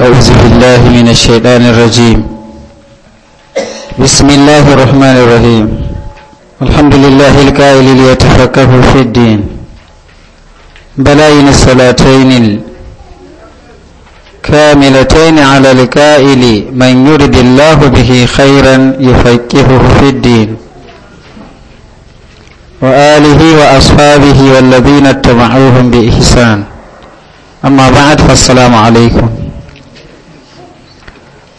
أعوذ بالله من الشيطان الرجيم بسم الله الرحمن الرحيم الحمد لله الكائل ليتفكه في الدين بلاين الصلاتين الكاملتين على الكائل من يرد الله به خيرا يفكهه في الدين وآله وأصحابه والذين اتبعوهم بإحسان أما بعد فالسلام عليكم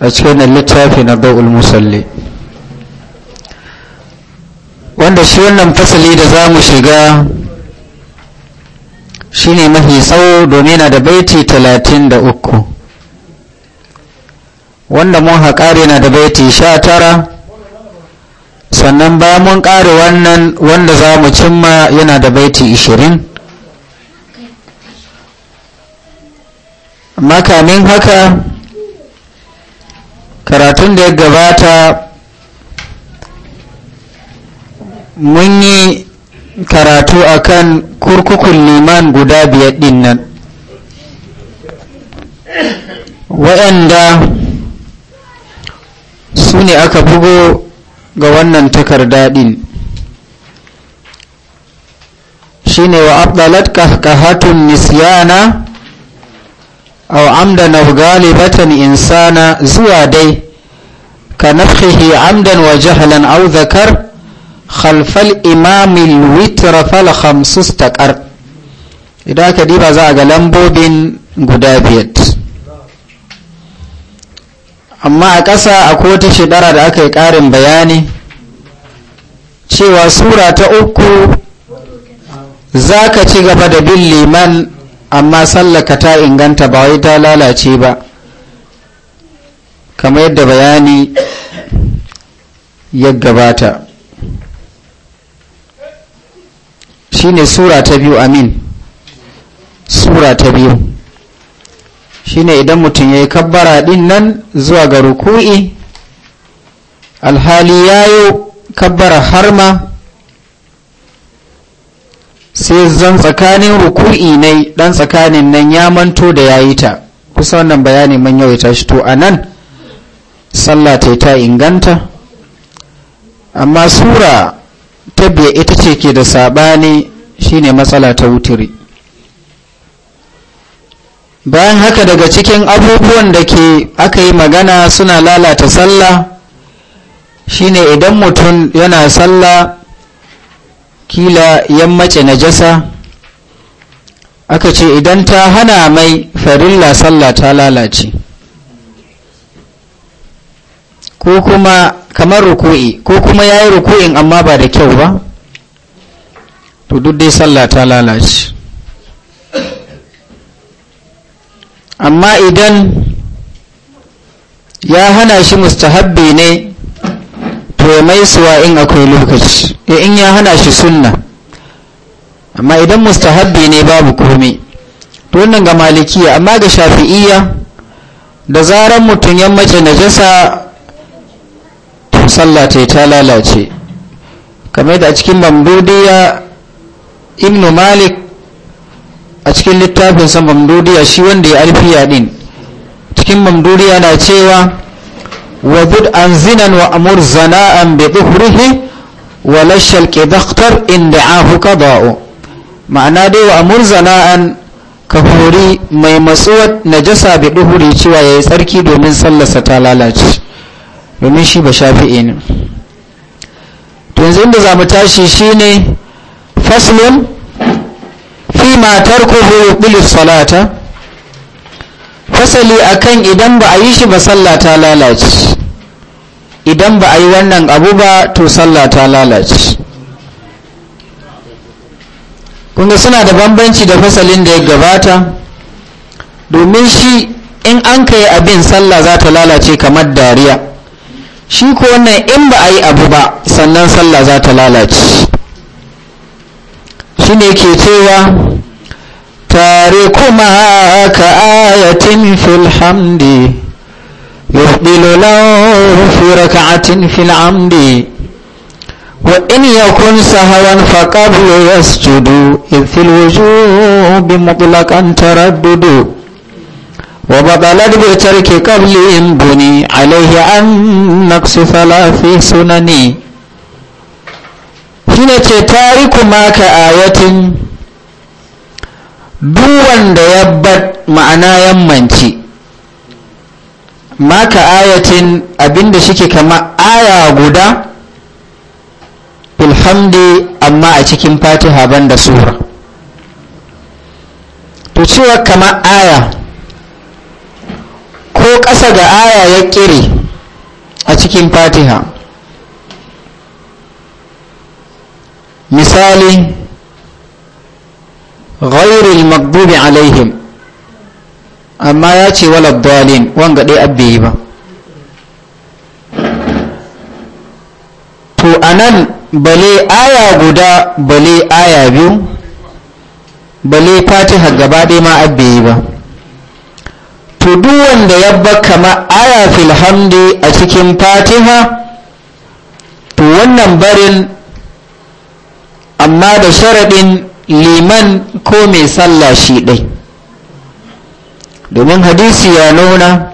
a cikin littafi na da'ul musalli wanda shi wannan fasali da za mu shiga shi ne mafi tsawo domin na da baiti talatin da uku wanda mun haƙari na da baiti sha tara sannan bayan mun ƙare wannan wanda za mu cimma yana da baiti ishirin makamin haka karatun da ya gabata mun yi karatu akan kurkukun liman guda biyar din nan waɗanda su ne aka bugo ga wannan takarda din shine wa abdalat kahkahatun nisyana aw amdan aw galibatan insana zuwa dai ka nafhihi amdan wa jahlan aw dhakar khalfal imam al witr fal khamsu istaqar idan ka diba za a ga lambobin guda biyar amma a ƙasa akwai wata shidara da aka yi ƙarin bayani cewa sura ta uku zaka ka ci gaba da bin liman amma sallaka ta inganta ba wai ta lalace ba kamar yadda bayani ya gabata shine sura ta biyu amin sura ta biyu shine idan mutum ya yi kabbara din nan zuwa ga ruku'i alhali ya yi kabbara harma sai zan tsakanin ruku'i ne dan tsakanin nan ya manto da yayi ta kusa wannan bayani man ya tashi to anan sallah ta ta inganta amma sura ta biya ita ce ke da sabani shine matsala ta wutiri bayan haka daga cikin abubuwan da ke aka yi magana suna lalata sallah shine idan mutum yana sallah kila yammace najasa aka ce idan ta hana mai farilla sallah ta lalace ko kuma kamar ruku'i ko kuma ya yi ruku'in amma ba da kyau ba to duk dai sallah ta lalace amma idan ya hana shi mustahabbi ne to ya mai in akwai lokaci eh, in ya hana shi sunna amma idan mustahabbi ne babu komai to wannan ga malikiya amma ga shafi'iyya da zaran mutum ya mace najasa to sallah ta ta lalace kamar da a cikin mamdudiya ibnu malik a cikin littafinsa mamdudiya shi wanda ya alfiya din cikin mamdudiya na cewa وذد عن زنا وأمر زناء بظهره ولش الكدختر إن دعاه قضاء معنى دي وأمر زناء كفوري ما نجسا نجسة بظهره شوى يسركي دومن صلى ستالالج domin shi ba shafi'i ne to yanzu inda za mu tashi shine faslun fasali akan idan ba a yi shi ba sallah ta lalace idan ba a yi wannan abu ba to sallah ta lalace kunga suna da bambanci da fasalin da ya gabata domin shi in an ka yi abin sallah za ta lalace kamar dariya shi ko wannan in ba a yi abu ba sannan sallah za ta lalace shi ne ke cewa تاركما كآية في الحمد يقبل له في ركعة في العمد وإن يكن سهوا فقبل يسجد إذ في الوجوب مطلقا تردد وبطلت بترك قبل إن بني عليه أن نقص ثلاث سنن حين تارك ما كآية duk wanda ya bar ma'ana yammanci maka ayatin abinda shike kama aya guda filhamdi amma a cikin fatiha banda sura to cewa kama aya ko ƙasa ga aya ya ƙiri a cikin fatiha misali ghairil Makbubi alaihim amma ya ce wala dalin wanga dai abbe yi ba to anan bale aya guda bale aya biyu bale fatiha gaba ɗaya ma abbe ba to duk wanda ya ba kama aya fil hamdi a cikin fatiha to wannan barin amma da sharaɗin liman ko mai sallah shi ɗai domin hadisi ya nuna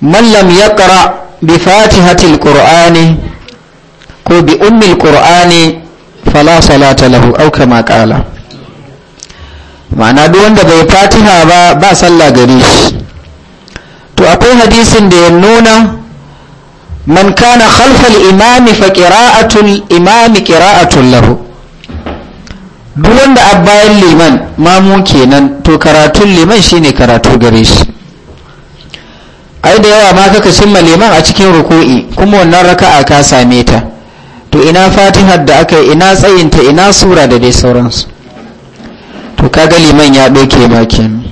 mallam ya ƙara bi fatihatil ƙur'ani ko bi ummil ƙur'ani fala salata lahu auka kama ma'ana duk wanda bai fatiha ba ba sallah gari shi to akwai hadisin da ya nuna man kana khalfal imami fa qira'atul imami qira'atul lahu duk wanda a bayan liman mamu kenan to karatun liman shine karatu gare shi ai da yawa ma kaka cimma liman a cikin ruku'i kuma wannan raka'a ka same ta to ina fatihar da aka yi ina tsayinta ina sura da dai sauransu to kaga liman ya ɗauke ma kenan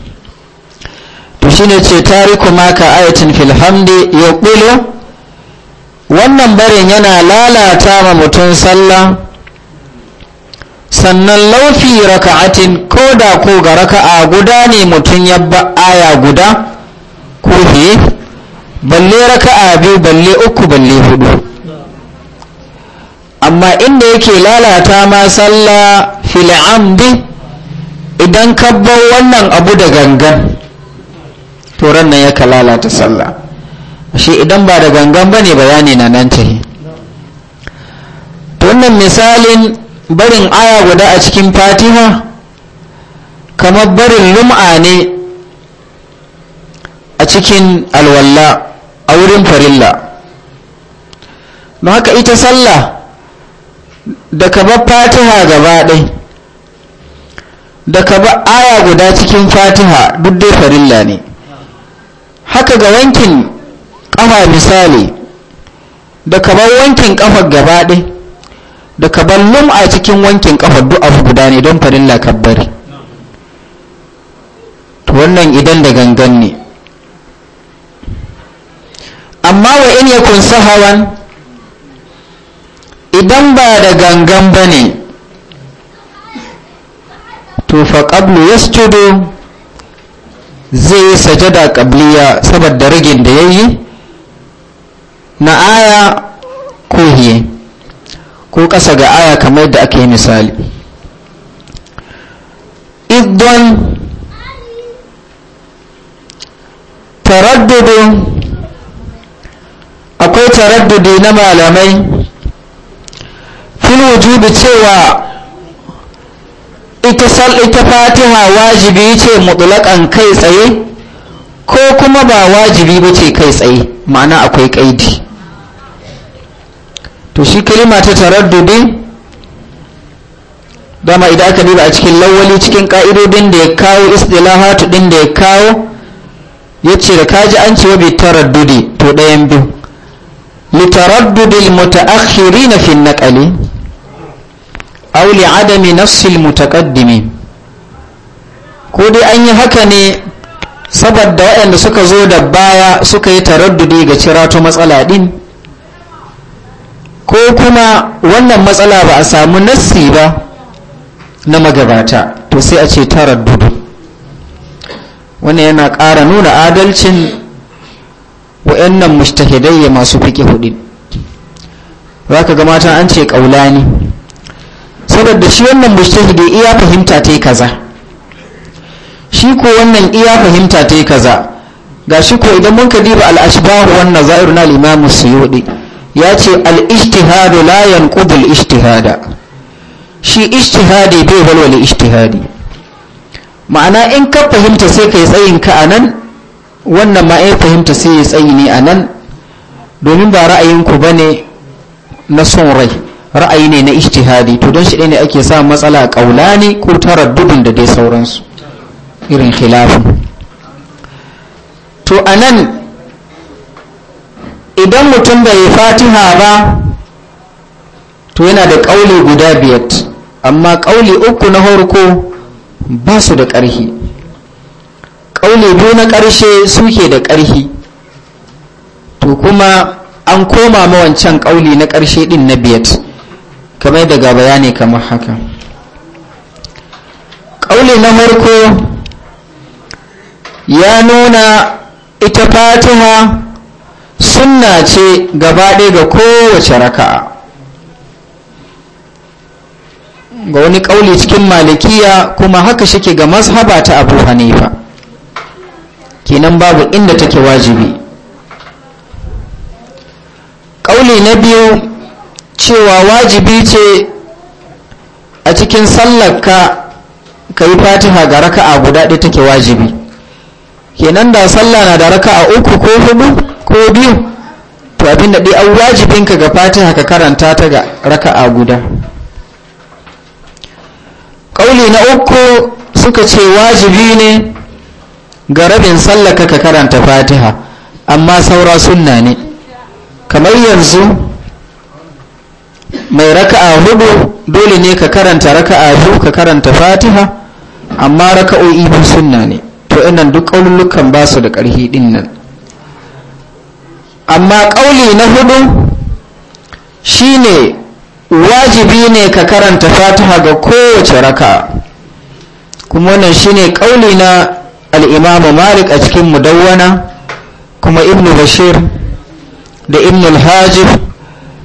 to shine ce tariku maka ayatin filhamdi ya ƙulo wannan barin yana lalata ma mutum sallah sannan laufi raka'atin ko da ko ga raka'a guda ne mutum ya ba aya guda ko fiye balle raka'a biyu balle uku balle hudu amma inda yake lalata ma sallah bi idan ka wannan abu da gangan to nan ya lalata sallah shi idan ba da gangan bane bayani na nan tahi to wannan misalin barin aya guda a cikin fatiha kamar barin lum'a ne a cikin alwallah a wurin farilla don haka ita sallah da kaba fatiha gaba ɗai da kaba aya guda cikin fatiha duk dai farilla ne haka ga wankin ƙafa misali da kaba wankin ƙafa gaba ɗai da kaballum a cikin wankin kafar duk abu guda ne don farin lakabari to wannan idan da gangan ne amma wa in ya kunsa hawan idan ba da gangan ba ne to fa qablu yasjudu zai sajada qabliya saboda ragin da yayi ko ƙasa ga aya kamar da aka yi misali idan taraddudu akwai taraddudu na malamai fil wujubi cewa ita ita fatiha wajibi ce mutulakan kai tsaye ko kuma ba wajibi ba ce kai tsaye ma'ana akwai kaidi to shi kalima ta taraddudi dama idan aka duba a cikin lawali cikin ka'idodin da ya kawo istilahatu din da ya kawo ya ce da kaji an ce wabi taraddudi to ɗayan biyu litaraddudil mutaakhirina fi naqali aw li adami nafsil mutaqaddimi ko dai an yi haka ne saboda waɗanda suka zo da baya suka yi taraddudi ga cirato matsala din ko kuma wannan matsala ba a samu nassi ba na magabata to sai a ce tara dudu wannan yana ƙara nuna adalcin wa'annan mushtahidai masu fiƙe hudu za ka ga mata an ce ƙaula ne saboda shi wannan mushtahidi iya fahimta ta kaza shi ko wannan iya fahimta ta kaza ga shi ko idan mun ka diba al'ashbahu wannan za'iru su yi hudu ya ce al'ishtihadu layan ƙudul ishtihada shi ishtihadi bai walwala ishtihadi ma'ana in ka fahimta sai ka yi tsayin ka a nan wannan ma yi fahimta sai ya tsayi ne a nan domin ba ra'ayinku ba ne na son rai ra'ayi ne na ishtihadi to don shi ne ake sa matsala ƙaula ne ko tara dubin da dai sauransu irin khilafin to a nan idan mutum bai yi fatiha ba to yana da ƙauli guda biyar amma ƙauli uku na horko ba su da ƙarhi ƙauli biyu na ƙarshe suke da ƙarhi to kuma an koma mawancan ƙauli na ƙarshe ɗin na biyar kamar daga bayani kamar haka ƙauli na horko ya nuna ita fatiha sunna ce gaba ɗaya ga kowace raka'a ga wani ƙauli cikin malikiya kuma haka shike ga mazhaba ta abu hanifa kenan babu inda take wajibi ƙauli na biyu cewa wajibi ce a cikin sallarka ka yi fatiha ga raka'a guda ɗaya take wajibi kenan da sallah na da raka'a uku ko hudu ko biyu to da dai wajibin wajibinka ga fatiha ka karanta ta ga raka'a guda ƙauli na uku suka ce wajibi ne ga rabin sallaka ka karanta fatiha amma saura sunna ne kamar yanzu mai raka'a hudu dole ne ka karanta raka'a biyu ka karanta fatiha amma raka'o'i biyu sunna ne to inan duk ƙaululukan ba su da ƙarhi ɗin nan amma ƙauli na hudu shine wajibi ne ka karanta fatiha ga kowace raka kuma wannan shine ƙauli na al'imamu malik a cikin mudawwana kuma ibn bashir da ibn al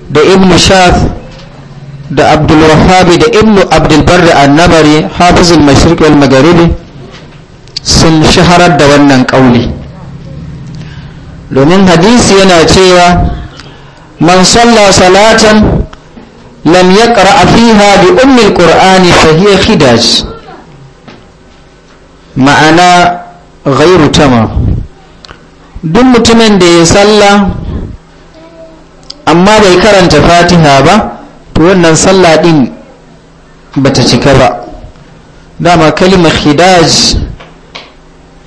da ibn shaf da abdulwahabi da ibn abdulbar da annabari hafizul mashriq al magharibi sun shaharar da wannan ƙauli domin hadisi yana cewa man salla salatan lam yaqra fiha bi ummi alqur'ani fa ma'ana gairu tama duk mutumin da ya salla amma bai karanta fatiha ba to wannan sallah din bata cika ba dama kalimar hidaj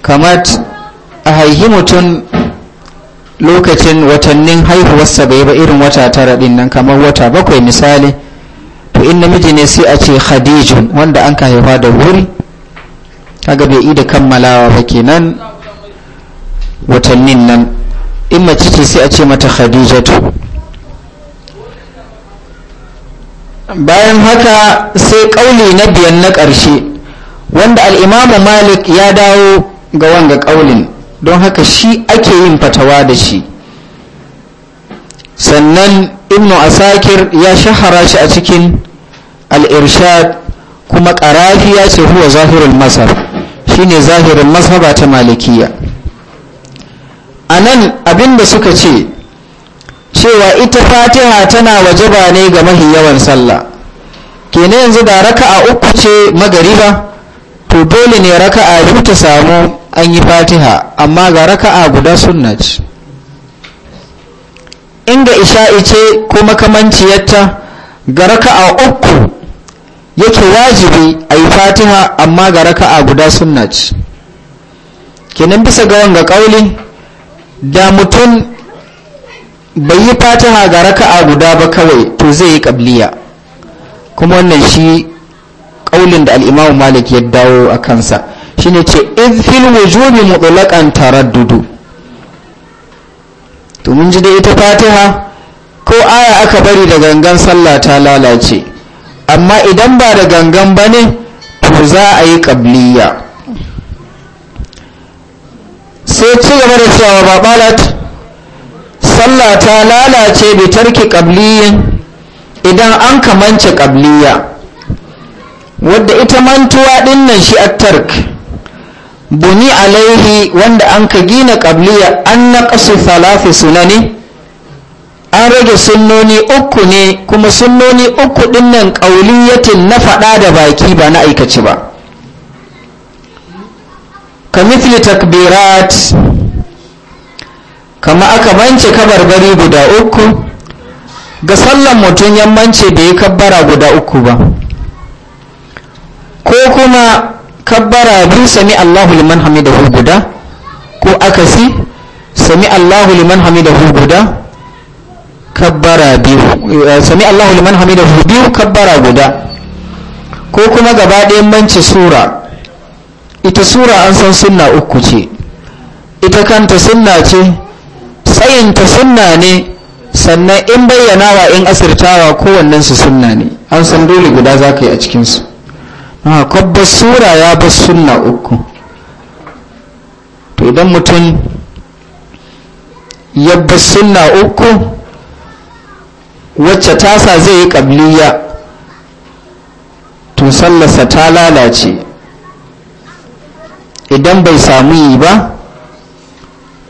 kamar a haihi mutum lokacin watannin haihuwarsa bai ba irin wata tara din nan kamar wata bakwai misali to in namiji ne sai a ce khadijun wanda an ka haifa da wuri kaga bai ida kammalawa ba kenan watannin nan in mace ce sai a ce mata khadijatu bayan haka sai kauli na biyan na ƙarshe wanda al'imamu malik ya dawo ga wanga kaulin don haka shi ake yin fatawa da shi sannan ibnu asakir ya shahara shi a cikin al kuma ƙarafi ya ce huwa zahirin masar shi ne zahirin ba ta malikiya a nan abinda suka ce cewa ita fatiha tana waje ba ne ga mahi yawan sallah kenan yanzu da raka a uku ce magariba to dole ne raka a biyu ta samu an yi fatiha amma ga raka'a guda sunna ce inda isha'i ce ko makamanciyarta ga raka'a uku yake wajibi a yi fatiha amma ga raka'a guda sunna ce kenan bisa ga wanga kauli da mutum bai yi fatiha ga raka'a guda ba kawai to zai yi kabliya kuma wannan shi kaulin da al'imamu malik ya dawo a kansa shine ce in fil wujubi mutlaqan taraddudu to mun ji da ita fatiha ko aya aka bari da gangan sallah ta lalace amma idan ba da gangan bane ne to za a yi qabliya sai ci gaba da cewa babalat sallah ta lalace bi tarki kabliyin idan an kamance kabliya wadda ita mantuwa dinnan shi at tark buni alaihi wanda an ka gina ƙabliya an na ƙasu falafi sunani an rage sunnoni uku ne kuma sunnoni uku ɗinnan ƙauliyatin na faɗa da baki ba na aikaci ba ka mithli takbirat kama aka mance kabarbari guda uku ga sallan mutum da bai kabbara guda uku ba ko kuma kabbara biyu sami Allahu liman hamidahu guda ko akasi sami Allahu liman hamidahu guda kabbara biyu eh, sami Allahu liman hamidahu biyu kabbara guda ko kuma gaba ɗayan manci sura ita sura an san sunna uku ce ita kanta sunna ce tsayinta sunna ne sannan in bayyanawa in asirtawa kowannensu sunna ne an san dole guda za ka yi a cikinsu a kwabbar sura ya bar sunna uku to idan mutum ya bar sunna uku wacce tasa zai yi kabliya to sallarsa ta lalace idan bai samu yi ba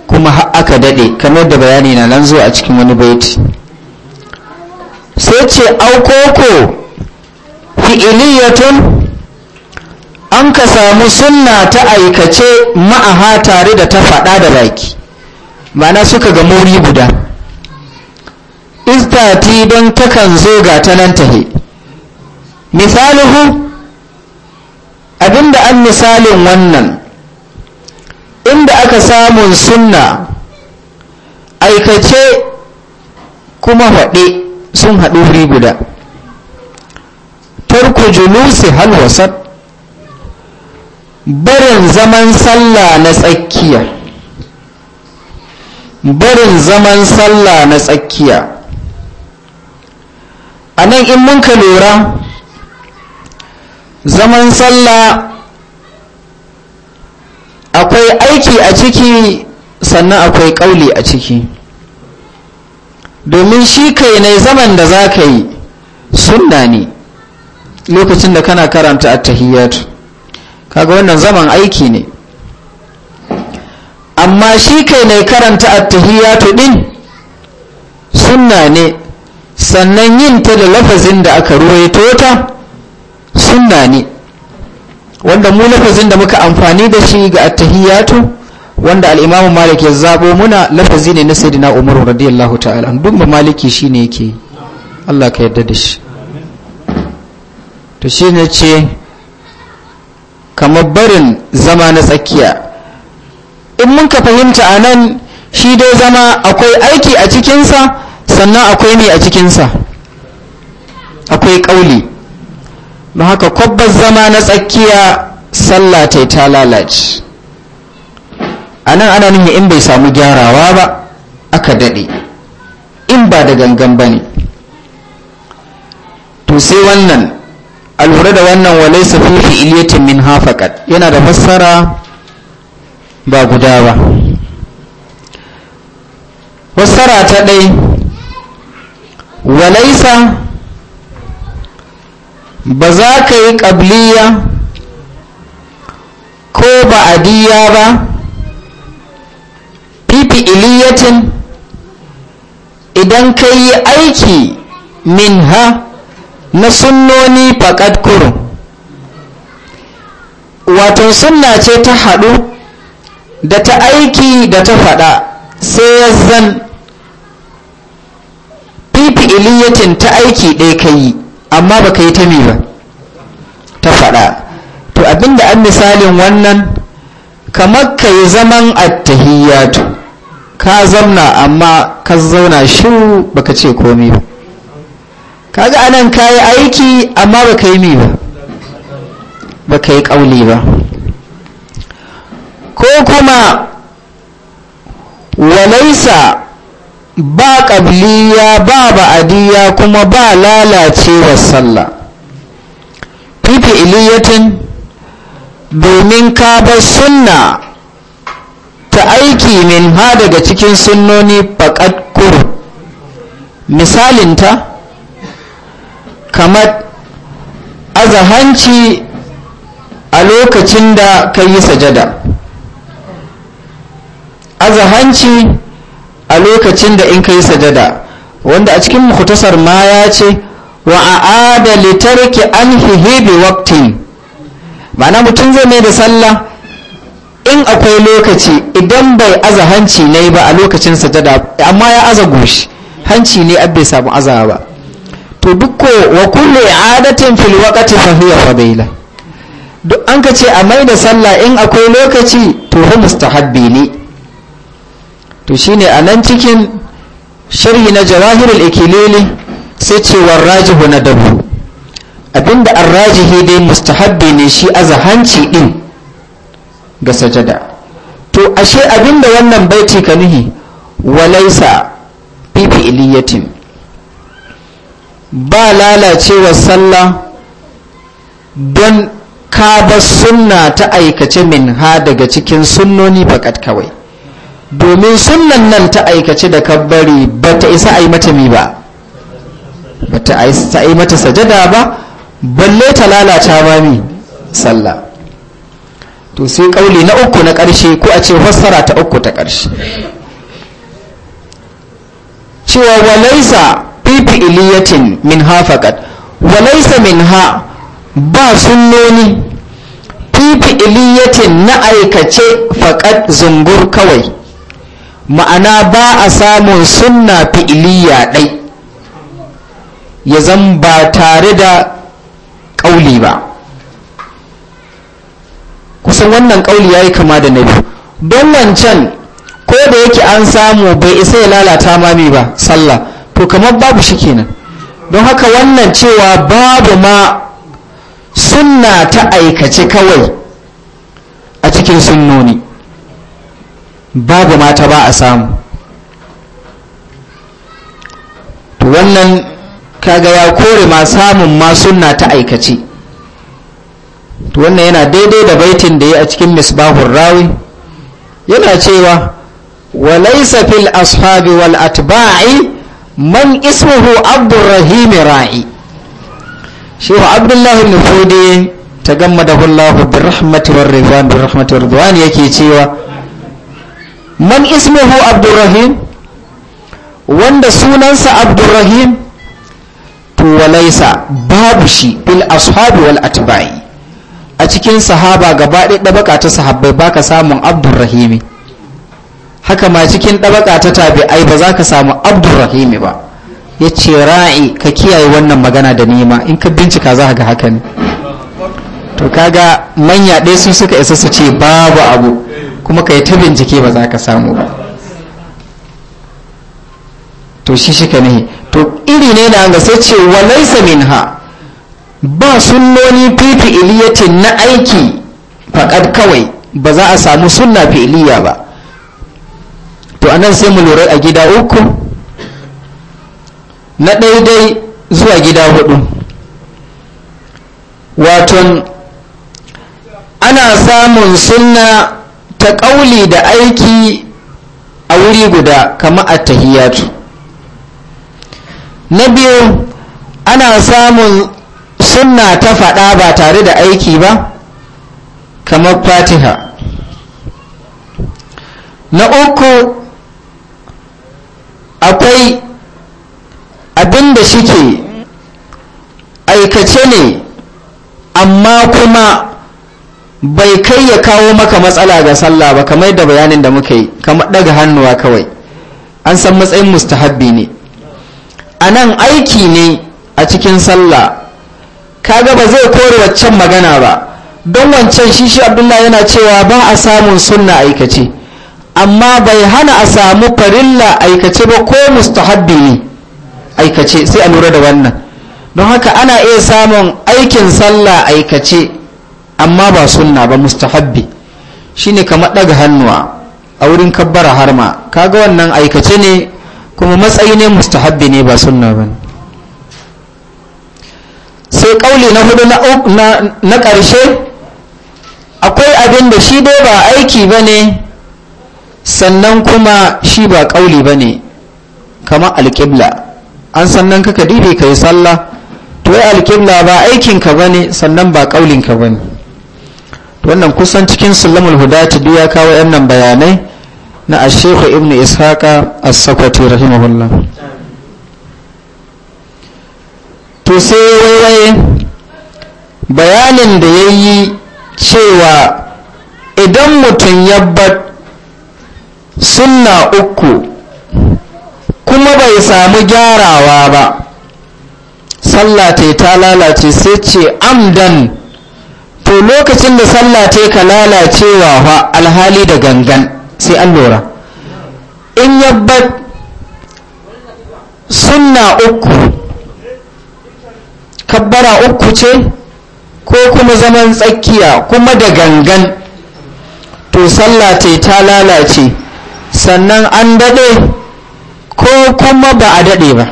kuma aka daɗe kamar da bayani na nan zuwa a cikin wani baiti sai ce aukoko fi'iliyatun an ka samu sunna ta aikace ma'aha tare da ta faɗa da baki ma'ana suka ga mori guda istati don takan zo ga ta nan tahe misalihu abinda an misalin wannan inda aka samun sunna aikace kuma haɗe sun haɗu wuri guda tarku julusi halwasat barin zaman sallah na tsakiya barin zaman sallah na tsakiya a nan in mun ka lura zaman sallah akwai aiki a ciki sannan akwai ƙaule a ciki domin shi kai ne zaman da za ka yi sunna ne lokacin da kana karanta a tahiyyatu kaga wannan zaman aiki ne amma shi kai ne karanta attahiyatu din sunna ne sannan yin ta da lafazin da aka ruwaito ta sunna ne wanda mu lafazin da muka amfani da shi ga attahiyatu wanda al'imamu malik ya zabo muna lafazi ne na sayyidina umar radiyallahu ta'ala duk ma maliki shine yake Allah ka yarda da shi to shine ce kamar barin zama na tsakiya in mun ka fahimta a nan shi dai zama akwai aiki a cikinsa sannan akwai ne a cikinsa akwai ƙauli ba haka kwabbar zama na tsakiya sallah ta ta lalace a nan ana nuna in bai samu gyarawa ba aka daɗe in ba da gangan ba ne to sai wannan a da wannan walai fi fi'iliyatin min hafakat yana da fassara ba guda ba fassara ta ɗai walaisa ba za ka yi ƙabliya ko ba a diya ba fifi iliyatin idan ka yi aiki min ha na sunnoni faƙad kurun wato sunna ce ta haɗu da ta aiki da ta faɗa sai ya zan fifi iliyatin ta aiki ɗaya ka yi amma ba ka yi ta ba ta faɗa to abinda an misalin wannan kamar ka yi zaman attahiyatu ka zamna amma ka zauna shiru baka ce komi ba kaga anan ka yi aiki amma ba ka yi mi ba ba ka yi ƙauli ba ko kuma walaisa ba ƙabliya ba ba'adiyya kuma ba lalacewa sallah fifi iliyatin domin ka bar sunna ta aiki min ha daga cikin sunnoni faƙat misalin misalinta kamar azahanci a lokacin da ka yi sajada azahanci a lokacin da in ka yi sajada wanda a cikin mukutasar ma ya ce wa a adalitar ki an hihibi waqtin ma'ana mutum zai mai da sallah in akwai lokaci idan bai aza hanci ne ba a lokacin sajada amma ya aza goshi hanci ne abin samu aza ba to dukko wa kulle adatin fil waqti fa hiya fadila duk an ka ce a mai da sallah in akwai lokaci to hu mustahabbi ne to shine a nan cikin sharhi na jawahirul ikilili sai ce warrajihu na dabu abinda rajihi dai mustahabbi ne shi azahanci din ga sajada to ashe abinda wannan baiti ka nuhi walaisa fifi fi'liyatin ba lalacewa sallah don kaba ba sunna ta aikace min ha daga cikin sunnoni fakat kawai domin sunnan nan ta aikace da kabbari ba ta isa a mata mi ba ba ta yi mata sajada ba balle ta lalata ba mi sallah to sai kauli na uku na karshe ko a ce fassara ta uku ta karshe. cewa walaisa fi'iliyatin min ha faqat walaysa min ha ba sunnoni fi fi'iliyatin na aikace faqat zungur kawai ma'ana ba a samun sunna fi'iliya ɗai ya zan ba tare da ƙauli ba kusan wannan ƙauli ya yi kama da na biyu don wancan ko da yake an samu bai isa ya lalata mami ba sallah to kamar babu shi kenan don haka wannan cewa babu ma sunna ta aikace kawai a cikin sunnoni babu mata ba a samu to wannan kaga ya kore ma samun ma sunna ta aikace to wannan yana daidai da baitin da ya a cikin misbahun rawi yana cewa walaisa fil ashabi wal atba'i man ismuhu abdurrahim ra'i shehu abdullahi nufodi ta gamma da hullahu bin rahmatu wa rifan bin rahmatu wa yake cewa man ismuhu abdurrahim wanda sunansa abdurrahim to walaisa babu shi bil ashabi wal atba'i a cikin sahaba gaba ɗaya ɗabaka ta sahabbai baka samun abdurrahimi haka ma cikin ɗabaƙa ta tabi'ai ba za ka samu abdurrahimi ba ya ce ra'i ka kiyaye wannan magana da nima in ka bincika za ga haka ne to kaga manya ɗaya su suka isa su ce babu abu kuma ka yi ta bincike ba za ka samu ba to shi shi ne to iri ne na ga sai ce laisa min ha ba sunnoni fifi iliyatin na aiki faƙad kawai ba za a samu sunna fi iliya ba to a nan sai mu lura a gida uku na daidai zuwa gida hudu waton ana samun sunna ta ƙauli da aiki a wuri guda kama a tahiyatu na biyu ana samun sunna ta faɗa ba tare da aiki ba kamar fatiha na uku akwai abin da shike aikace ne amma kuma bai kai ya kawo maka matsala ga sallah ba kamar da bayanin da muka yi kamar daga hannuwa kawai an san matsayin mustahabbi ne a nan aiki ne a cikin sallah kaga ba zai kore waccan magana ba don wancan shi shi abdullahi yana cewa ba a samun sunna aikace amma bai hana a samu farilla aikace ba ko mustahabbi ne aikace sai a lura da wannan don haka ana iya samun aikin sallah aikace amma ba sunna ba mustahabbi shine kamar daga hannuwa a wurin kabbara harma kaga wannan aikace ne kuma matsayi ne mustahabbi ne ba sunna ba sai kauli na hudu na na karshe akwai abin da shi dai ba aiki ba ne sannan kuma shi ba ƙauli ba ne kama alƙibla an sannan kaka dide ka yi sallah to yi alƙibla ba aikinka ba ne sannan ba ƙaulinka ba ne wannan kusan cikin sulamul hudati duk ya kawo yan nan bayanai na ashefa ibn ishaqa as-sakwati rahimahullah to sai waiwaye bayanin da ya yi cewa idan mutum ya bar sunna uku kuma bai samu gyarawa ba sallah ta ta lalace sai ce amdan to lokacin da sallah ta ka lalacewa fa alhali da gangan sai an lura in yabba sunna uku kabbara uku ce ko kuma zaman tsakiya kuma da gangan to sallah ta ta lalace sannan an daɗe ko kuma ba a daɗe ba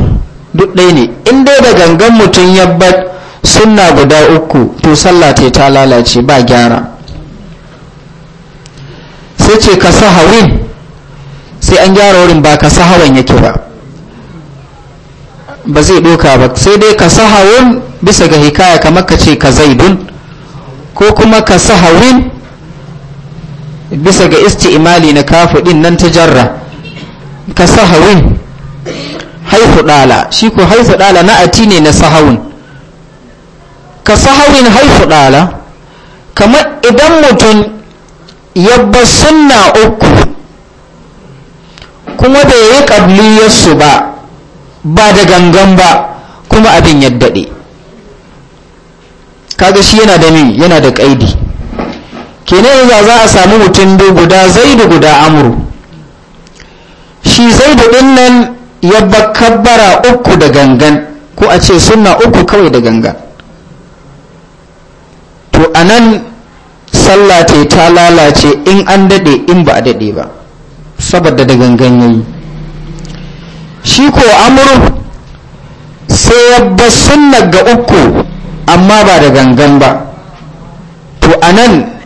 duk ɗaya ne in dai da gangan mutum ya bar sunna guda uku to sallah ta ta lalace ba gyara sai ce ka hawin sai an gyara wurin ba ka sa hawan yake ba ba zai ɗoka ba sai dai ka hawin bisa ga hikaya kamar ka ce ka zaidun ko kuma ka hawin bisa ga isti'imali na kafu din nan ta jarra ka sahawin haifu dala shi ko haifu dala na ati ne na sahawin ka sahawin haifu dala kamar idan mutum ya ba sunna uku kuma bai yi ƙabliyarsu ba ba da gangan ba kuma abin ya daɗe kaga shi yana da min yana da ƙaidi kenan yanzu za a samu mutum guda zaidu guda amuru shi zaidu din nan ya kabbara uku da gangan ko a ce suna uku kawai da gangan to a nan sallah ta lalace in an dade in ba a dade ba saboda da gangan yi shi ko amuru sai ya ba sunna ga uku amma ba da gangan ba to a nan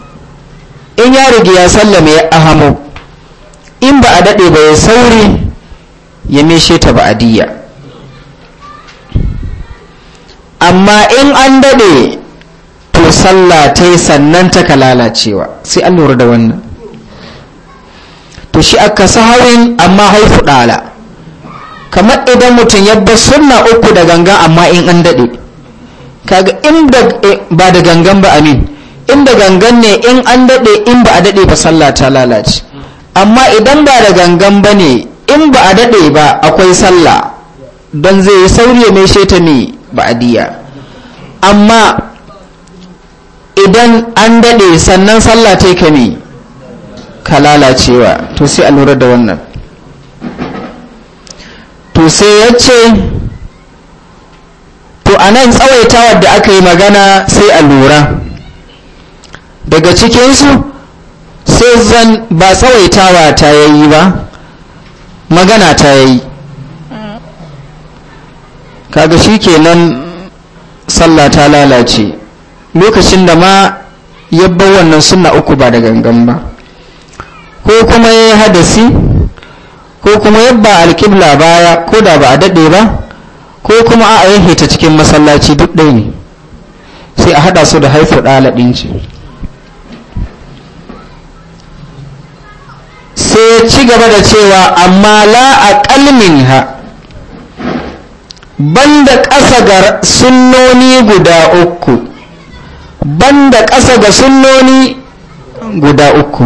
in ya rige ya sallama ya ahamo in ba a daɗe ba ya sauri ya mishe ta ba'adiyya amma in an daɗe to sallah ta yi sannan ta ka lalacewa sai an lura da wannan to shi aka sahawin amma haifu ɗala kamar idan mutum ya bar sunna uku da gangan amma in an daɗe kaga in eh, ba da gangan ba amin inda gangan ne in an daɗe in ba a daɗe ba sallah ta lalace amma idan ba da gangan ba ne in ba a daɗe ba akwai sallah don zai yi sauri mai sheta a diya amma idan an daɗe sannan sallah ta kame ka lalacewa to sai a lura da wannan to sai ya ce to a nan tsawaitawar da aka yi magana sai a lura daga cikinsu sai zan ba tsawaitawa ta yayi ba magana ta yayi kaga shi kenan sallah ta lalace lokacin da ma bar wannan suna uku ba da gangan ba ko kuma ya yi hadasi ko kuma yabba alkibla baya ko da ba a daɗe ba ko kuma a yanke ta cikin masallaci duk ɗaya ne sai a haɗa su da haifu ɗalaɗin ce sai ya ci gaba da cewa amma la aqal minha banda ƙasa ga sunnoni guda uku banda ƙasa ga sunnoni guda uku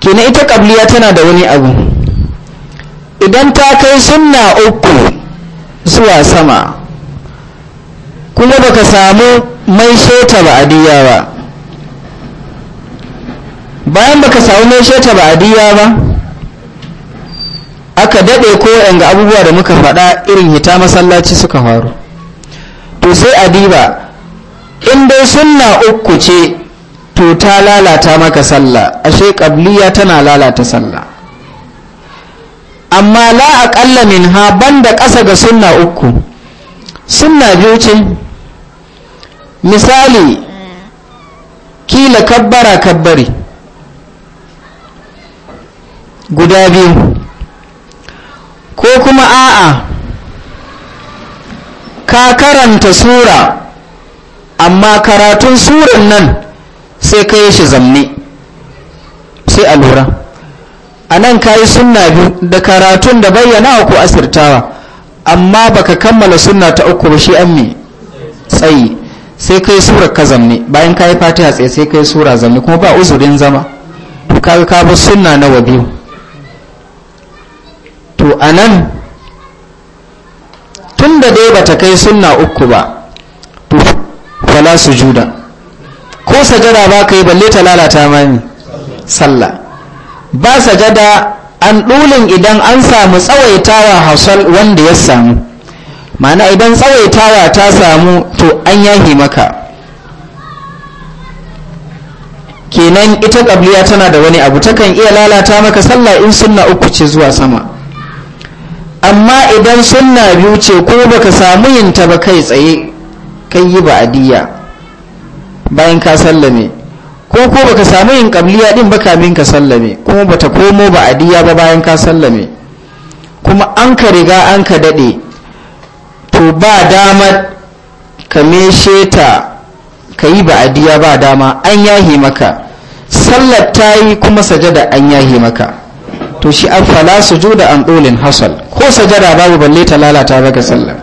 kina ita ƙabliya tana da wani abu idan ta kai sunna uku zuwa sama kuma baka samu mai shota ba ba bayan baka samu mai sheta ba adiya ba aka daɗe ko yanga abubuwa da muka faɗa irin hita masallaci suka faru to sai adiba in dai sunna uku ce to ta lalata maka sallah ashe kabliya tana lalata sallah amma la ha ban da ƙasa ga sunna uku sunna biyu ce misali kila kabbara kabbari guda biyu ko kuma a'a ka karanta sura amma karatun suran nan sai ka yi shi zamne sai a lura a nan ka yi suna biyu da karatun da bayyana ko asirtawa amma baka kammala suna ta uku ba shi an mi tsayi sai ka yi sura ka zamne bayan ka yi fatiha tsaye sai ka yi sura zamne kuma ba uzurin zama kaga ka bi na nawa biyu to a nan tun da dai ba ta kai suna uku ba to fala juda ko sajada ba ka yi balle ta lalata mani sallah ba sajada an dulin idan an samu tsawaitawa hausal wanda ya samu Mana idan tsawaitawa ta samu to an yahi maka kenan ita ƙabliya tana da wani abu takan iya lalata maka sallah in sunna uku ce zuwa sama amma idan sunna biyu ce ko baka samu yin ta ba kai tsaye kai yi ba adiya bayan ka sallame ko ko baka samu yin kabliya din ba kamin ka sallame kuma bata komo ba adiya ba bayan ka sallame kuma an ka riga an ka dade to ba dama ka meshe ta ka yi ba adiya ba dama an yahi maka sallar ta yi kuma sajada an yahi maka to shi ju da an ɗolin hasal ko sajada babu balle ta lalata ga sallah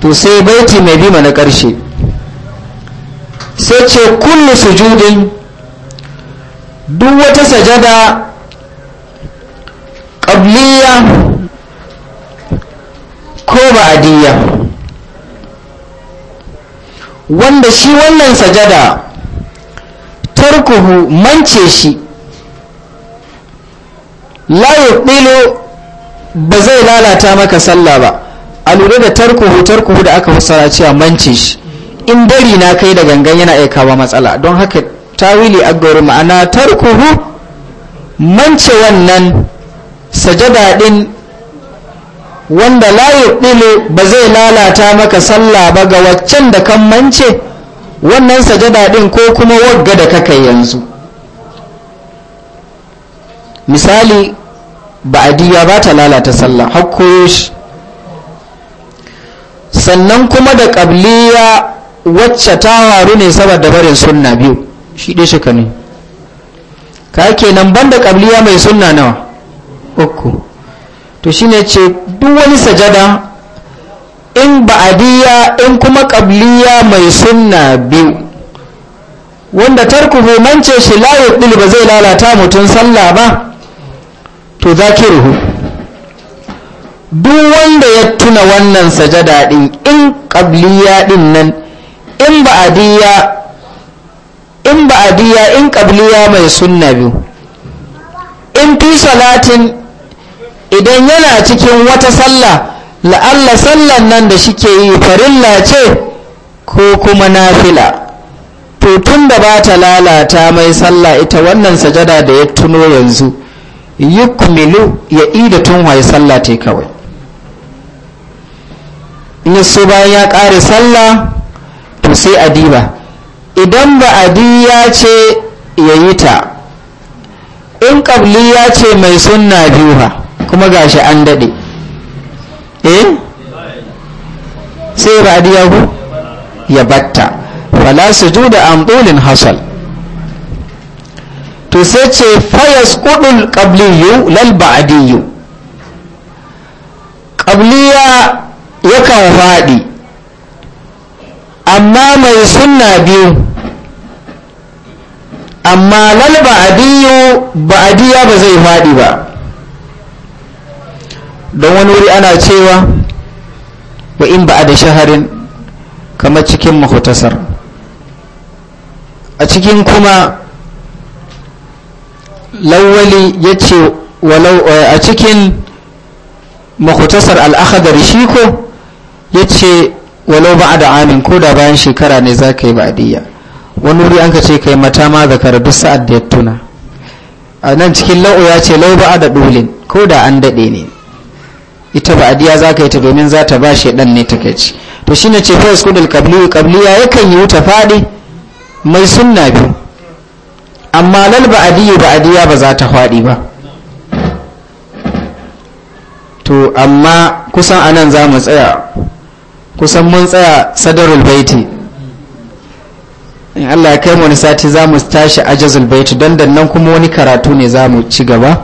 to sai baiti mai bima na ƙarshe sai ce kullu su sujudin duk wata sajada ƙabliya ko ba'adiyya wanda shi wannan sajada tarkuhu mance shi la yuqilu ba zai lalata maka sallah ba a lura da tarkuhu tarkuhu da aka fassara cewa mance shi in bari na kai da gangan yana aika ba matsala don haka tawili aggoro ma'ana tarkuhu mance wannan sajada din wanda la yuqilu ba zai lalata maka sallah ba ga waccan da kan mance wannan sajada din ko kuma wagga da kakai yanzu misali ba'adiyya ba ta lalata sallah har shi sannan kuma da ƙabliya wacce ta haru ne saboda barin sunna biyu shi ɗaya shi ne ka kenan ban da ƙabliya mai sunna nawa uku to shi ne ce duk wani sajada in ba'adiyya in kuma ƙabliya mai sunna biyu wanda tarku mance shi layu ɗil ba zai lalata mutum sallah ba to zakiruhu duk wanda ya tuna wannan sajada din in qabliya din nan in ba'adiyya in ba'diya in mai sunna biyu in fi salatin idan yana cikin wata sallah la'alla sallan nan da shike yi farilla ce ko kuma nafila to tun da ba ta lalata mai sallah ita wannan sajada da ya tuno yanzu yukmilu ya ida tun waye sallah ta kawai in su bayan ya ƙare sallah to sai adiba idan ba adi ya ce ya yi ta in ƙabli ya ce mai sunna biyu ha kuma gashi an daɗe eh sai ba adi ya ku ya batta fala su ju da hasal to sai ce fayas kudul qabliyu lalba'adiyu ba'diyu ya yakan faɗi amma mai suna biyu amma lalba'adiyu ba'adiyya ba zai faɗi ba don wani wuri ana cewa wa in ba a da shaharin kamar cikin mahutasar a cikin kuma lawali ya ce eh, a cikin makutasar al'akadar shi ko ya ce walau ba da amin ko da bayan shekara ne za ka yi ba'adiyya wani wuri an ka ce kai mata ma zakara duk sa'ad da ya tuna a nan cikin la'u ya ce lau ba da ko da an daɗe ne ita ba'adiyya za ka yi ta domin za ta ba shi ɗan ne ta ci to shine ce fa kudin qabliyu qabliya yakan yi wuta faɗi mai sunna biyu amma lal ba'adiyya ba'adiyya ba za ta faɗi ba to amma kusan anan za mu tsaya kusan mun tsaya sadarul baiti in Allah ya kai mu sati za mu tashi ajazul baiti don nan kuma wani karatu ne za mu ci gaba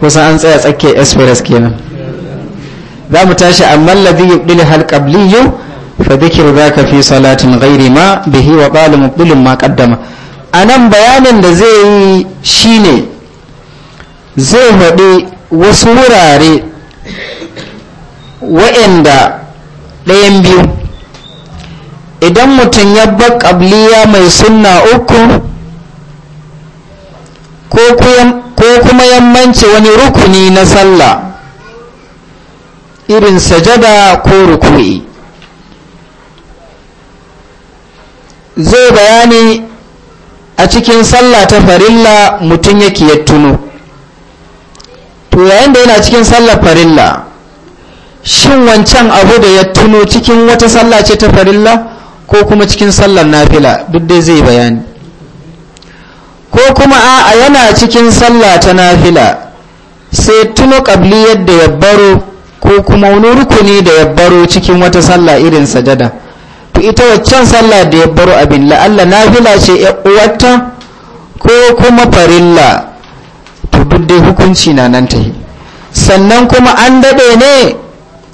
kusan an tsaya tsakiyar espiras kenan za mu tashi amma ladhi yubdil hal qabliyyu fa dhikru dhaka fi salatin ghairi ma bihi wa qala mubdilun ma qaddama a nan bayanin da zai yi shine zai haɗe wasu wurare wa'anda ɗayan biyu idan mutum ya bar ƙabliya mai sunna uku ko kuma yammanci wani rukuni na sallah irin sajada ko ruku'i zai bayani a cikin sallah ta farilla mutum yake ya tuno to yayin da yana cikin sallah farilla shin wancan abu da ya tuno cikin wata sallah ce ta farilla ko kuma cikin sallar nafila duk dai zai bayani ko kuma a yana cikin sallah ta nafila sai tuno kabli yadda ya baro ko kuma wani rukuni da ya baro cikin wata sallah irin sajada ita waccan sallah da ya baro abin la'alla fila ce ya uwarta ko kuma farilla to duk dai hukunci na nan ta sannan kuma an daɗe ne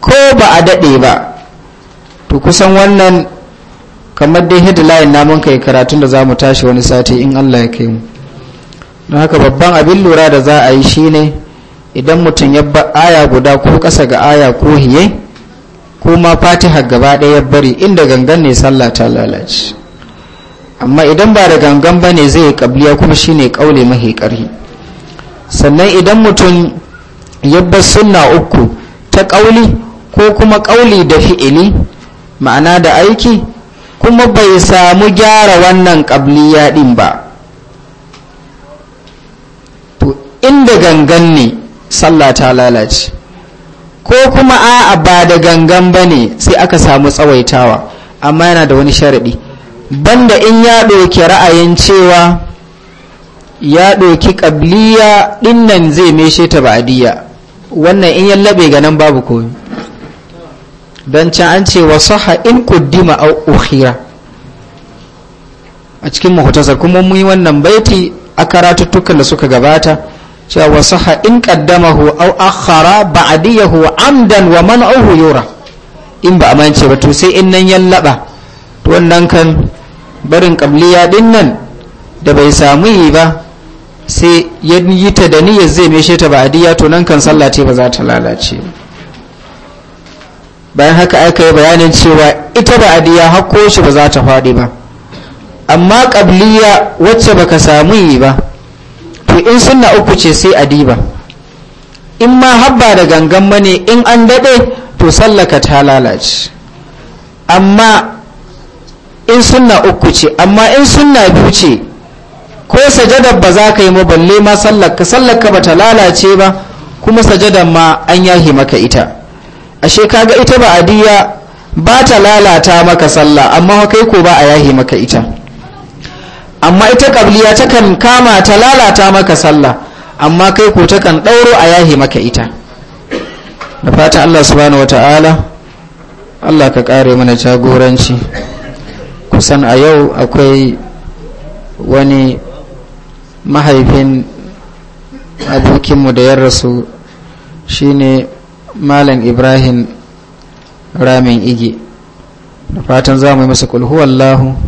ko ba a daɗe ba to kusan wannan kamar dai headline na mun kai karatun da za mu tashi wani sati in allah ya kai mu don haka babban abin lura da za a yi shine idan mutum ya ba aya guda ko ƙasa ga aya ko hiye ko ma fatiha gaba ɗaya bari inda gangan ne sallah ta lalace amma idan ba da gangan ba ne zai kabliya kuma shine kaule mahi ƙarhi sannan idan mutum ya bar sunna uku ta kauli ko kuma kauli da fi'ili ma'ana da aiki kuma bai samu gyara wannan kabliya din ba to inda gangan ne sallah ta lalace ko kuma a'a ba da gangan ba ne sai aka samu tsawaitawa amma yana da wani sharaɗi banda in ya ɗauki ra'ayin cewa ya ɗauki ƙabliya ɗinnan zai meshe ta ba'adiyya wannan in yallaɓe ga nan babu komi don can an ce wasu in kuddima a ukhira a cikin mahutasar kuma mun yi wannan baiti a karatuttukan da suka gabata cewa wasaha in qaddamahu au akhara ba'diyahu amdan wa man'uhu yura in ba mance ba to sai in nan yallaba to wannan kan barin kabliya din nan da bai samu yi ba sai ya yi ta da niyyar zai meshe ta diya to nan kan sallah ce ba za ta lalace bayan haka aka yi bayanin cewa ita diya hakko shi ba za ta faɗi ba amma ƙabliya wacce baka samu yi ba to in sunna uku ce sai a diba in ma habba da gangan mane in an daɗe to sallaka ta lalace amma in sunna uku ce amma in sunna biyu ce ko sajadar ba za ka yi balle ma sallaka sallaka ba ta lalace ba kuma sajadar ma an yahi maka ita ashe kaga ita ba adiya ba ta lalata maka sallah amma kai ko ba a yahi maka ita amma ita kabliya takan kama ta lalata maka sallah amma kai ko takan ɗauro a yahi maka ita da fata allah subhanahu wata'ala allah ka ƙare mana jagoranci kusan a yau akwai wani mahaifin abokinmu da ya rasu shine malam ibrahim ramin igi da fatan za mu yi masa kulhuwallahu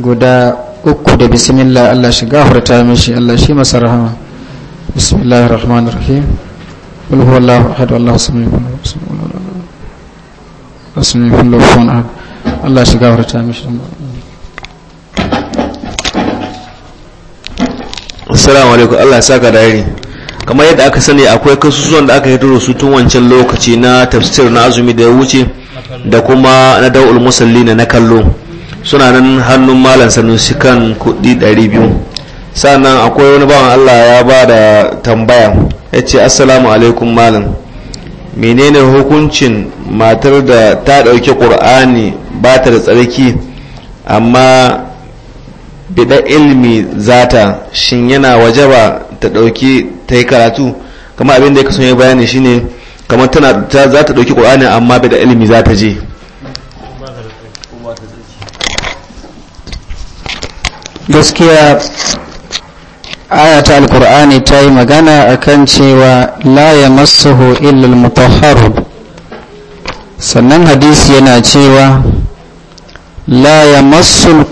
guda uku da bismillah Allah shi gafarta mishi Allah shi masa rahama bismillahir rahmanir rahim qul huwallahu ahad Allahu samad Allah shi gafarta mishi assalamu alaikum Allah ya saka da yari kamar yadda aka sani akwai kasusuwan da aka hidiro su tun wancan lokaci na tafsir na azumi da ya wuce da kuma na da'ul musallina na kallo suna nan hannun malam shi kan kudi 200 sannan akwai wani bawan allah ya ba da tambaya ya ce assalamu alaikum malam menene hukuncin matar da ta ɗauki ƙur'ani ba ta da tsarki amma bida ilmi zata shin yana wajaba ta ɗauki ta yi karatu kama abin da ya kasance bayani shine kamar tana za ta ɗauki ƙur'ani amma bida ilmi za ta je gaskiya ayata alkur'ani ta yi magana akan cewa la ya masahu illal mutahharu sannan hadisi yana cewa la ya masul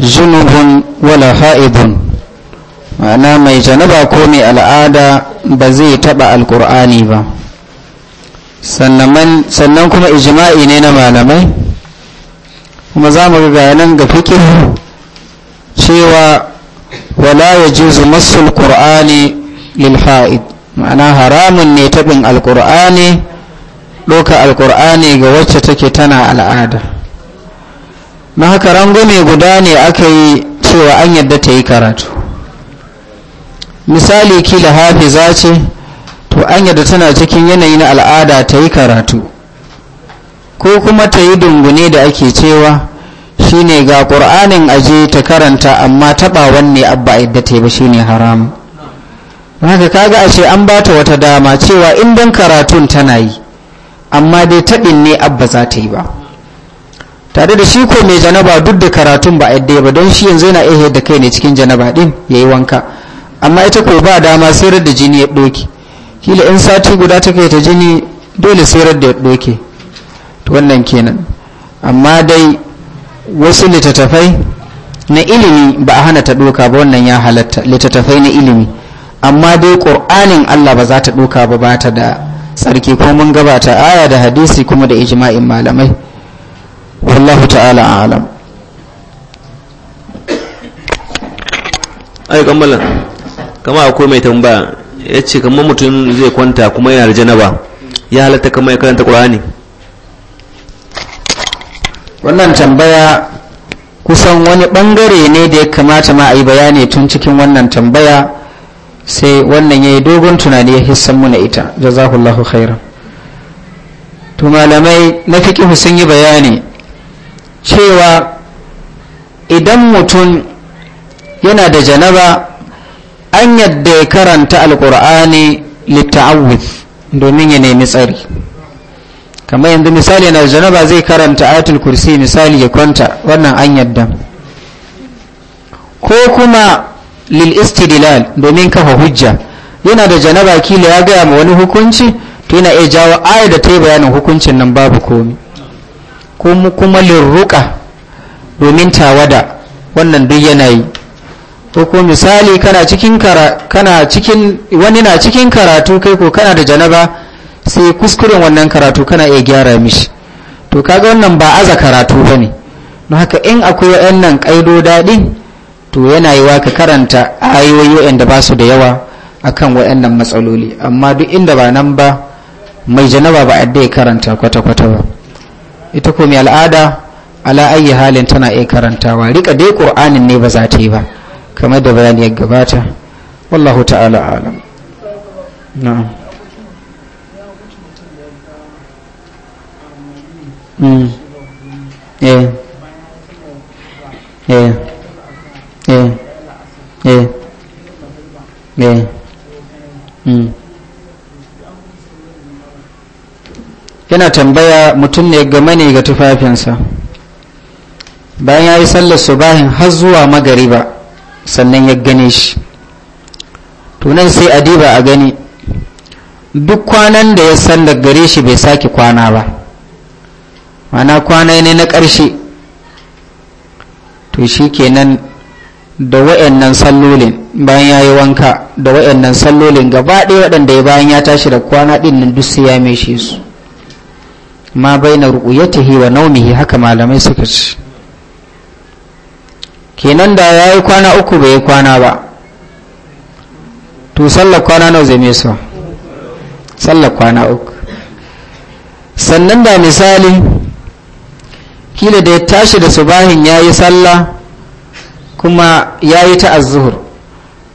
junubun wala ha'idun ma'ana mai janaba ko mai al'ada ba zai taba alkur'ani ba sannan kuma ijma'i ne na malamai kuma za mu ga nan ga fikin cewa wala ya jizu masul qur'ani lil ha'id ma'ana haramun ne taɓin ɗauka al alƙur'ani ga wacce take tana al'ada na haka rangume guda ne aka yi cewa an yadda ta yi karatu misali kila hafiza ce to an yadda tana cikin yanayin al'ada ta yi karatu ko kuma ta yi dungune da ake cewa shine ga ƙur'anin aje ta karanta amma taɓawan ne abba yadda ta yi ba shine haram haka ka ga ashe an ba ta wata dama cewa in don karatun tana yi amma dai taɓin ne abba za ta yi ba tare da shi ko mai janaba duk da karatun ba yadda ba don shi yanzu yana iya da kai ne cikin janaba din ya yi wanka amma ita ko ba dama sai da jini ya ɗoke kila in sati guda ta kai ta jini dole sai da ya ɗoke to wannan kenan amma dai wasu littattafai na ilimi ba a hana ta doka ba wannan ya halatta littattafai na ilimi amma dai ƙor'anin allah ba za ta doka ba ba ta da tsarki ko mun gabata aya da hadisi kuma da ijma'in malamai wallahu ta'ala alam ai kammala kama akwai mai tambaya ya ce kamar mutum zai kwanta kuma yana da janaba ya halatta kama ya karanta ƙor'ani wannan tambaya kusan wani bangare ne da ya kamata ma a yi bayani tun cikin wannan tambaya sai wannan ya yi dogon tunani ya hissan muna ita jazakullahu khairan to malamai na fiƙihu sun yi bayani cewa idan mutum yana da janaba an yadda ya karanta alkur'ani litta'awud domin ya nemi tsari kamar yanzu misali yana janaba zai karanta ayatul kursi misali ya kwanta wannan an yadda ko kuma lil istidlal domin kafa hujja yana da janaba kila ya gaya ma wani hukunci to yana iya jawo aya da ta yi bayanin hukuncin nan babu komi kuma lirruka domin tawada wannan duk yana yi ko ko misali kana cikin kana cikin wani na cikin karatu kai ko kana da janaba sai kuskuren wannan karatu kana iya gyara mishi to kaga wannan ba aza karatu ba ne don haka in akwai waɗannan ƙaido daɗin to yana yiwa ka karanta ayoyi waɗanda ba su da yawa akan nan matsaloli amma duk inda ba nan ba mai janaba ba adda ya karanta kwata-kwata ba ita ko mai al'ada ala ayyi halin tana iya karantawa rika dai ƙur'anin ne ba za ta yi ba kamar da bayani ya gabata wallahu ta'ala alam Mm. Mm. yana tambaya mutum ne game ne ga tufafinsa bayan ya yi sallar subahin har zuwa magariba sannan ya gane shi tunan sai adiba a gani duk kwanan da ya sallar gare shi bai sake kwana ba mana kwana ne na ƙarshe to shi kenan da wa'annan sallolin bayan ya yi wanka da wa'annan sallolin gaba ɗaya waɗanda ya bayan ya tashi da kwana ɗin nan duk sai ya meshe su ma bai na ru'uyatihi wa naumihi haka malamai suka ci kenan da ya yi kwana uku bai yi kwana ba to sallar kwana nawa zai mesuwa sallar kwana uku sannan da misali kila da ya tashi da subahin ya yi sallah kuma ya yi ta azuhur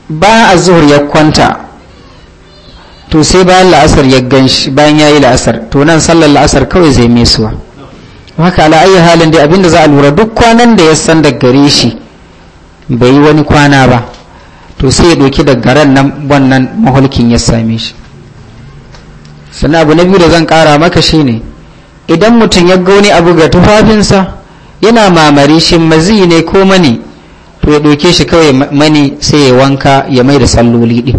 ba azuhur ya kwanta to sai bayan la'asar ya ganshi bayan ya yi la'asar to nan sallar la'asar kawai zai mesuwa haka ala'ayyar halin da abinda za a lura duk kwanan da ya san da gare shi bai yi wani kwana ba to sai ya ɗauki da garan nan wannan mahulkin ya same shi sannan abu na biyu da zan ƙara maka shine ne idan mutum ya wani abu ga tufafinsa yana mamari shi mazi ne ko mani to ya doke shi kawai mani sai ya wanka ya mai da salloli ɗin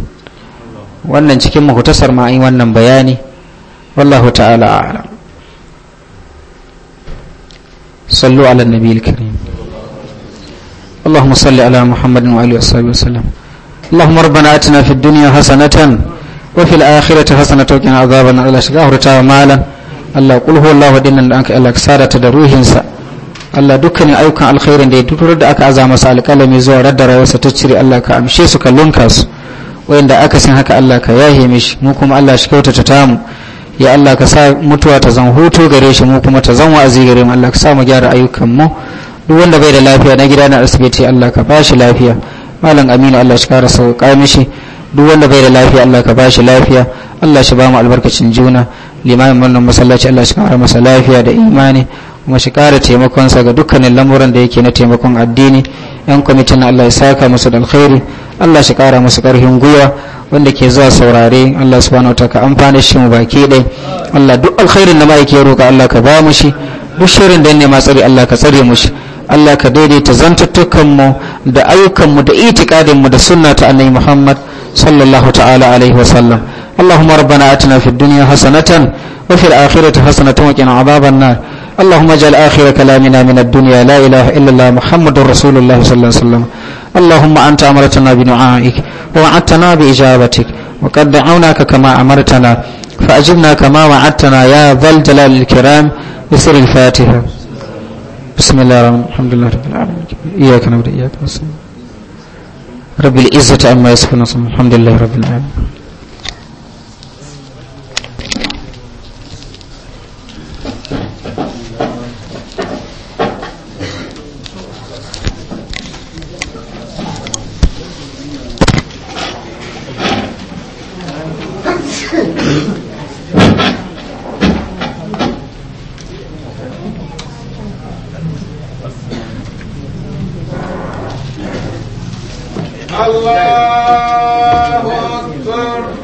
wannan cikin mahutasar ma'ai wannan bayani wallahu ta'ala a. a'ala sallu ala nabi karim Allahumma salli ala Muhammadin wa alihi wasallam sallam Allahumma rabbana atina fid dunya hasanatan wa fil akhirati hasanatan wa qina adhaban nar la shaqa wa malan Allah kul huwallahu dinnan da anka Allah ka sada ta da ruhinsa Allah dukkanin ayyukan alkhairin da ya tuturar da aka aza masa alƙalami zuwa radda rayuwarsa ta cire Allah ka amshe su ka lunka su wayanda aka san haka Allah ka yahe mishi mu kuma Allah shi kyautata tamu ya Allah ka sa mutuwa ta zan hutu gare shi mu kuma ta zan wa'azi gare mu Allah ka sa mu gyara ayyukan mu duk wanda bai da lafiya na gida na asibiti Allah ka ba shi lafiya malam Aminu Allah shi kara sauka mishi duk wanda bai da lafiya Allah ka ba shi lafiya Allah shi ba mu albarkacin juna limamin wannan masallaci Allah shi kara masa lafiya da imani kuma shi kara taimakonsa ga dukkanin lamuran da yake na taimakon addini yan kwamitin Allah ya saka musu da alkhairi Allah shi kara musu karfin gwiwa wanda ke zuwa saurare Allah subhanahu wa ta'ala amfana shi mu baki dai Allah duk alkhairin da ya roƙa Allah ka ba mu shi duk shirin da ne ma tsare Allah ka tsare mu shi Allah ka daidaita zantattukanmu da ayyukanmu da itikadinmu da sunna ta annabi Muhammad sallallahu ta'ala alaihi wasallam اللهم ربنا آتنا في الدنيا حسنة وفي الآخرة حسنة وقنا عذاب النار اللهم اجعل آخر كلامنا من الدنيا لا إله إلا الله محمد رسول الله صلى الله عليه وسلم اللهم أنت أمرتنا بنعائك ووعدتنا بإجابتك وقد دعوناك كما أمرتنا فأجبنا كما وعدتنا يا ذا الجلال الكرام بسر الفاتحة بسم الله الرحمن الرحيم الحمد لله رب العالمين إياك نعبد إياك نستعين رب العزة عما يصفون الحمد لله رب العالمين